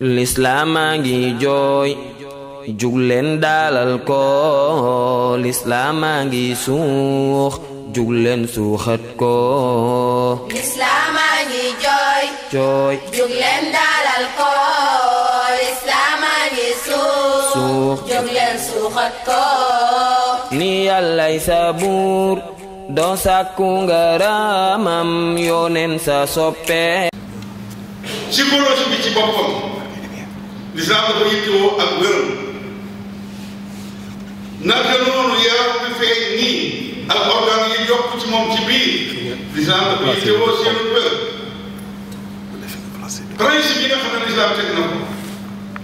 lislaamaa ngi jooy jugleen daalal ko lislaamaa ngi suux jugleen suuxat ko lislaamaa ngi jooy jooy jugleen daalal ko ni yàllay sabuur doo sàkku ngaraamam yooneen sa soppe psychologie bi ci boppam lislaam dafa yittewoo ak wéram naka noonu yaram bi feeñ nii ak organ yi yokk ci moom ci biir lislaam dafa yittewoo seen wér principe yi nga xam ne lislaam teg na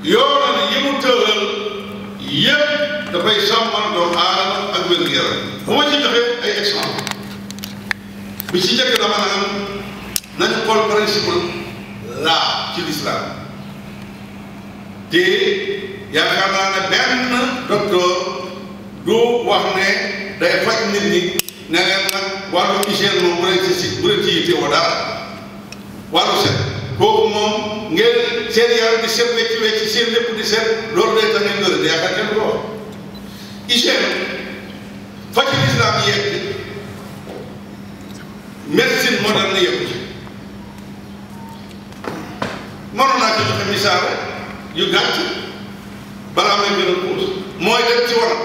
yi mu tëral yëpp dafay sàmmal doomu aadama ak wér-gu-yaram bu ma ci joxee ay exemple bi ci njëkk dama naan nañu xool principe laa ci lislaam te yaakaar naa ne benn docteur du wax ne day faj nit ne leen nag wàllu hygiène moom bu leen ci si daal wàllu set kooku moom ngeen seen yaram di set wecc wecc seen di set loolu day tax ngeen gërëm yaakaar kenn du wax hygiène faj lislaam yegg médecine moderne yegg mënoon naa ci yu gàtt balaa may gën a puus mooy dem ci waram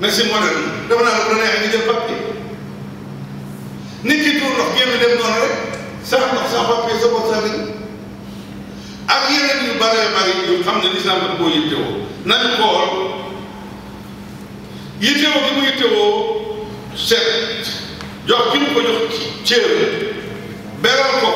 machine moderne dafa naa la bu neexee ñu jël ndox génn dem noonu rek sa bopp sax ak yeneen yu bare bare yu xam ne lislaam daf koo yittewoo nañu koor yittewoo gi mu yittewoo seet jox ki mu ko jox céer beral ko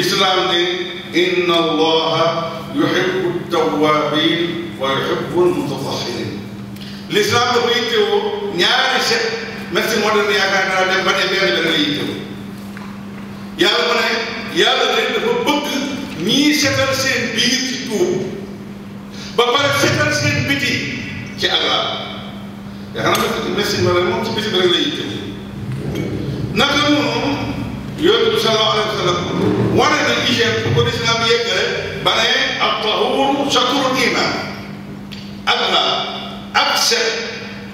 lislaam ne inna allaha yuhibbu tawabin wa yuhibbu almutatahhirin lislaam dafa yittewoo ñaari set merci moo doon yaakaar naa dem ba ne benn da nga yittewoo yàlla mu ne yàlla de dafa bëgg ñii setal seen biir ci tuub ba pare setal seen biti ci allah yaakaar naa merci ma la moom ci biti da nga yittewoo naka noonu yooyu sallallahu alayhi wa sallam one of the issues bu ko lislaam yeggale ba ne at-tahuuru shatrul iimaan ak la ak set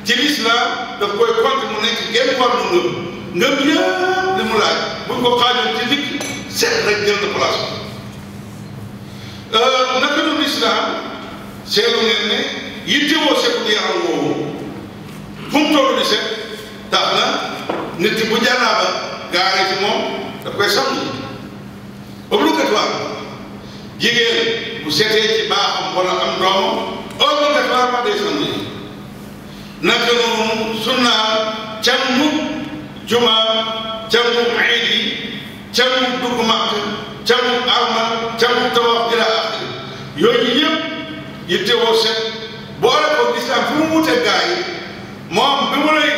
ci lislaam daf koy compte mu nekk genn wàllu ngëm ngëm yëpp li mu laaj buñ ko xaajoon ci nit set rek jël na place bi euh, naka du lislaam seetlu ngeen ne yittewoo setul yaram woowu fu mu toll di set tax na nit bu janaaba gaare ci moom daf koy sàmm obligatoire jigéen bu seetee ci baaxam wala am doomam obligatoirement day sangu ji naka noonu sunna cangu juma cangu ayid yi cangu dugg màkk cangu arma cangu tawaaf ila axiri yooyu yëpp yitte woo boole ko lislaam fi mu wute gaa yi moom bi mu lay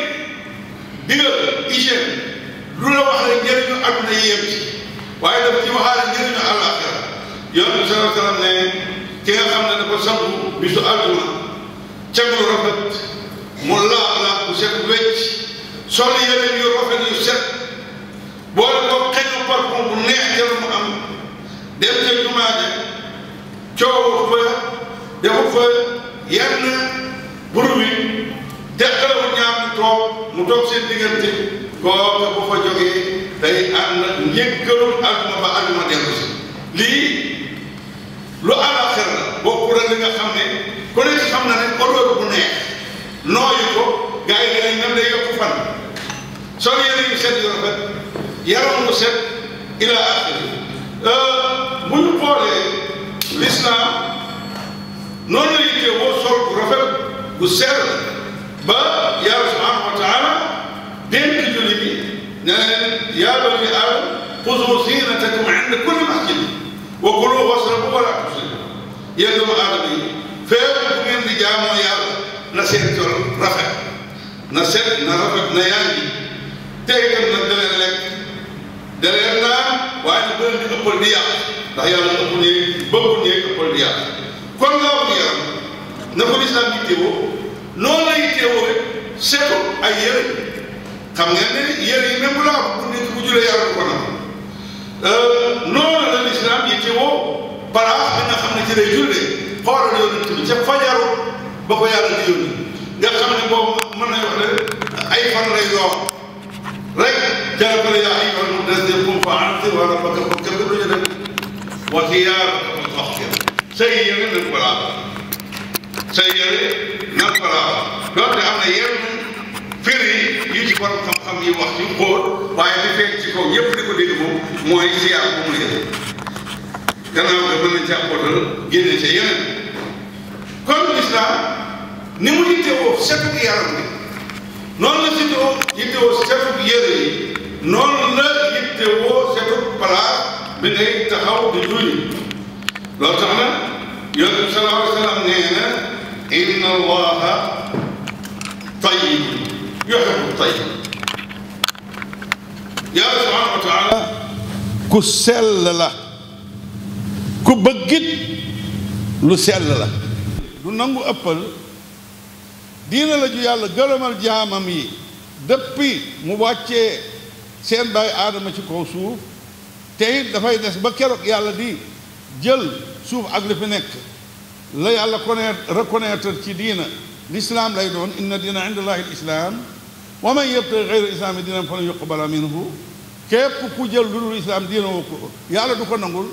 lu la wax rek njëriñu àdduna ci yonent bi sallallahu alayhi wa sallam ne ki nga xam ne dafa sangu bisu àjjuma ceeb lu rafet mu laab laab bu set wecc sol yeneen yu rafet yu set boole ko xeetu parfum bu neex jël mu am dem ca jumaa ja coowu fa defu fa yenn bruit deqalewu ñaar mu toog mu toog seen diggante kooku bu fa jógee day ànd njëkkalul àjjuma ba àjjuma dellu si lii. lu àllaaxira la bokkul ak li nga xam ne ku nekk xam na ne odeur bu neex nooyu ko gars yi danañ yokk fan soo yére yu set yu rafet yaram mu set ila axiri euh, bu ñu boolee lislaam noonu la yittee boo sol bu rafet bu ba yàlla subhanahu wa taala dénk julli bi ne leen yaa bani aadama xuzu ziinatakum inda kulli masjid wa kulu wasrabu walaa tusrifu yéen doomu aadama yi fépp bu ngeen di jaamoo yàlla na seen col rafet na set na rafet na yaa ngi tey kat nag daleen lekk daleen naan waaye ñu bëri di ëppal di yàq ndax yàlla ëpp nee bëggu nee ëppal di yàq kon laaw bu yaram na ko lislaam yittewoo noonu la yittewoo rek seetu ay yére xam ngeen ne yére yi même bu laaw bu julee yàlla ko nam xamante ne julli xoolal yonent bi ca fajaru ba ko yàlla di yónni nga xam ne boobu mën nañu wax ne ay fan lay doon rek jaay ko ne yaa ay fan mu des de kum fa am si wala ba ko kenn du ñu dem wa xiyaar wax kenn say yére nañ ko laal say yére nañ ko laal donte am na yenn firi yu ci borom xam-xam yi wax ci xóot waaye li fekk ci kaw yëpp di ko dégg moom mooy siyaar bu mu gannaaw nga mën na jàppootal génne ca yeneen kon lislaam ni mu yittewoo setu yaram bi noonu la yittewoo yittewoo setu yére yi noonu la yittewoo setu palaas bi ngay taxaw di julli loolu tax na yonent bi sallallahu alayhi wa sallam nee na inna allaha tayyib yuhibbu tayyib yàlla subhanahu wa taala ku la ku bëggit lu sell la du nangu ëppal diina la ju yàlla gërëmal jaamam yi depuis mu wàccee seen bàyyi aadama ci kaw suuf te it dafay des ba keroog yàlla di jël suuf ak li fi nekk la yàlla connaître reconnaître ci diina l'islaam lay doon inna diina inda allahi lislaam wa man yabtaghi ghayra islaami diinan falan yuqbala jël lu dul islaam yàlla du ko nangul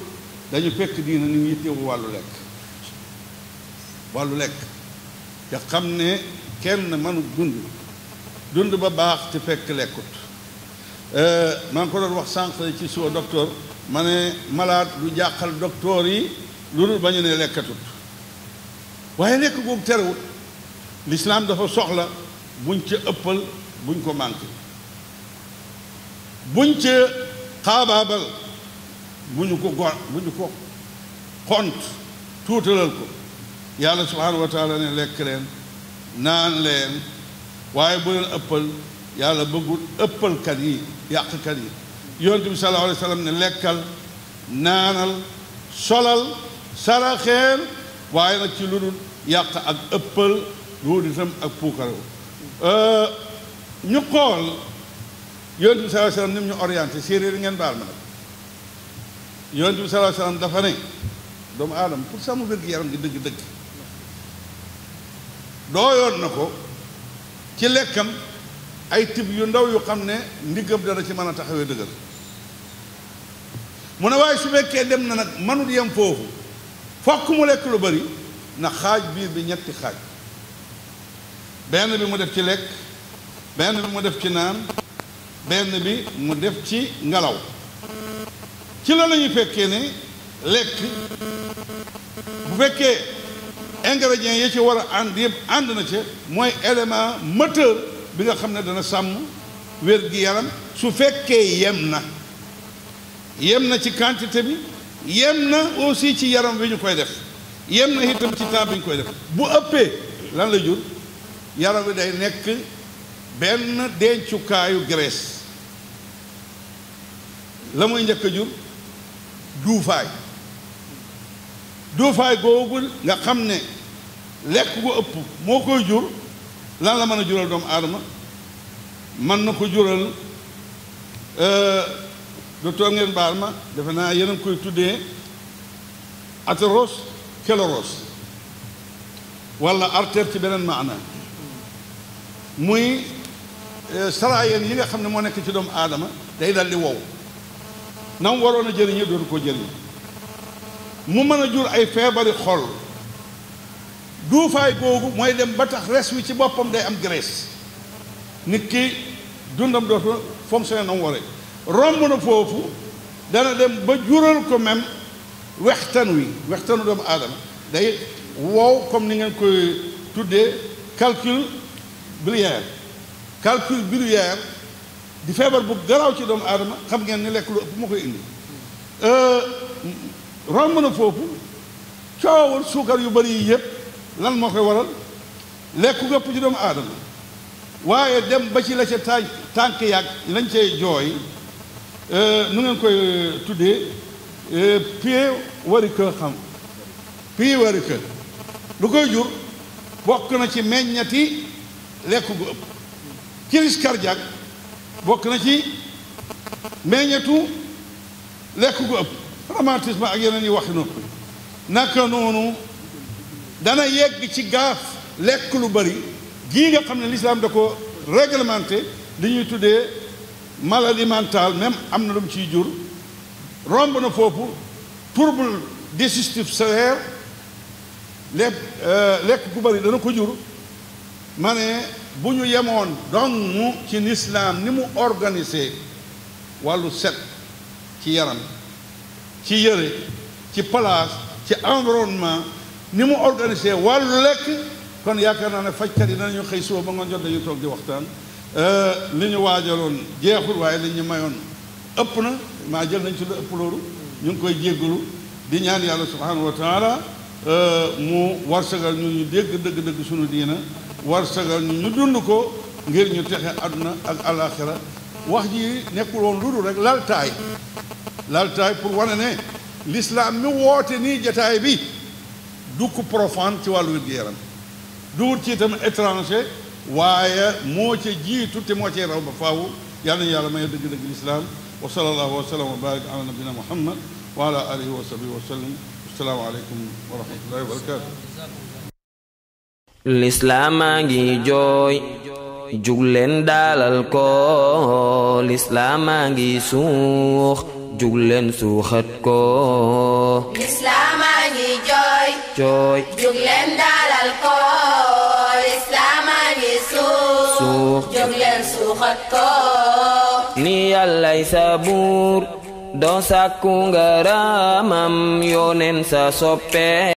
dañu fekk diina ni ngi teewu wàllu lekk wàllu lekk te xam ne kenn mënu dund dund ba baax te fekk lekkut euh, maa ngi ko doon wax sànq ci suba docteur ma ne malaat lu jàqal docteur yi lu dul ba ñu ne lekkatut waaye lekk googu terewut lislaam dafa soxla buñ ca ëppal buñ ko manqué buñ ca xaabaabal bu ñu ko go bu ñu ko xont tuutalal ko yàlla subhaanahu wa ne lekk leen naan leen waaye bu leen ëppal yàlla bëggul ëppalkat yi yàqkat yi yonent bi sallallahu alayhi wa sallam ne lekkal naanal solal saraxeel waaye nag ci lu dul yàq ak ëppal loolu itam ak puukarew euh, ñu xool yonent bi sallallahu alayhi wa sallam mu ñu orienté séeréer yi ngeen baal ma yonent bi sallallahu alayhi wasallam dafa ne doomu aadama pour sàmm wér-gu-yaram gi dëgg-dëgg dooyoon na ko ci lekkam ay tib yu ndaw yu xam ne ndiggam dana ci mën a taxawee dëgër mu ne waaye su fekkee dem na nag manut yem foofu fokk mu lekk lu bari na xaaj biir bi ñetti xaaj benn bi mu def ci lekk benn bi mu def ci naan benn bi mu def ci ngelaw ci la la ñuy fekkee ne lekk bu fekkee ingrédients yi ci war a ànd yëpp ànd na ca mooy élément moteur bi nga xam ne dana sàmm wér-gi-yaram su fekkee yem na yem na ci quantité bi yem na aussi ci yaram bi ñu koy def yem na itam ci temps bi ñu koy def bu ëppee lan la jur yaram bi day nekk benn dencukaayu graisse la muy njëkk jur duufaay duufaay googu nga xam ne lekk gu ëpp moo koy jur lan la mën a jural doomu aadama mën na ko jural euh, du toog ngeen baal ma defe naa yeneen a tuddee koy tuddee atéros keloros wala artère ci beneen maana muy euh, saraayeen li nga xam ne moo nekk ci doomu aadama day dal di wow na waroon a jëriñee dootu ko jëriñ mu mën a jur ay feebari xol duufaay boogu mooy dem ba tax res wi ci boppam day am graisse nit ki dundam dootu fonctionné na mu romb na foofu dana dem ba jural ko même wextan wi wextanu doomu aadama day wow comme ni ngeen koy tuddee calcul biliaire calcul biliaire di feebar bu garaaw ci doomu aadama xam ngeen ni lekk lu ëpp moo koy indi euh, romb na foofu coowal suukar yu bari yi yëpp lan moo koy waral lekk gu ëpp ci doomu aadama waaye dem ba ci la ca taaj tànk yàgg lañ cay jooy euh, nu ngeen koy euh, tuddee pied wari kër xam pied wari lu koy jur bokk na ci meññati lekk gu ëpp crise cardiaque bokk na ci meññetu lekk gu ëpp rhumatisme ak yeneen yi waxi noppi naka noonu dana yegg ci gas lekk lu bari gii nga xam ne l'islam da ko réglementé li ñuy tuddee maladie mentale même am na lum mu ciy jur romb na foofu trouble digestif sévère lekk euh, lekk gu bari dana ko jur ma bu ñu yemoon mu ci lislaam ni mu organisé wàllu set ci yaram ci yëre ci place ci environnement ni mu organisé wàllu lekk kon yaakaar naa ne fajkat yi ñu xëy suba ba nga jot dañu toog di waxtaan euh, li ñu waajaloon jeexul waaye li ñu mayoon ëpp na maa jël nañ ci lu ëpp loolu ñu ngi koy jéggalu di ñaan yàlla subhanahu wa taala euh, mu warsagal ñu ñu dégg dëgg-dëgg suñu diina war sagal ñu dund ko ngir ñu texe àdduna ak alaxira wax ji nekkul woon lu dul rek laltaay laltaay pour wane ne lislaam mi woote nii jataay bi du ko profane ci wàllu wér-gu-yaram duwut ci itam étranger waaye moo ca jiitu te moo cay raw ba faaw yal na yàlla may dëgg-dëgg lislaam wa sallallahu wa sallam wa barik ala nabina muhammad wa ala alihi wa sahbihi wa sallam assalaamu aleykum wa rahmatullahi wa barakatuh lislaamaa ngi jooy jugleen daalal ko lislaamaa ngi suux jugleen suuxat ko lislaamaa ngi jooy jooy jugleen daalal ko lislaamaa ngi suux jugleen suuxat ko ni yàllay sa buur doo sàkku ngaramam yooneen sa soppe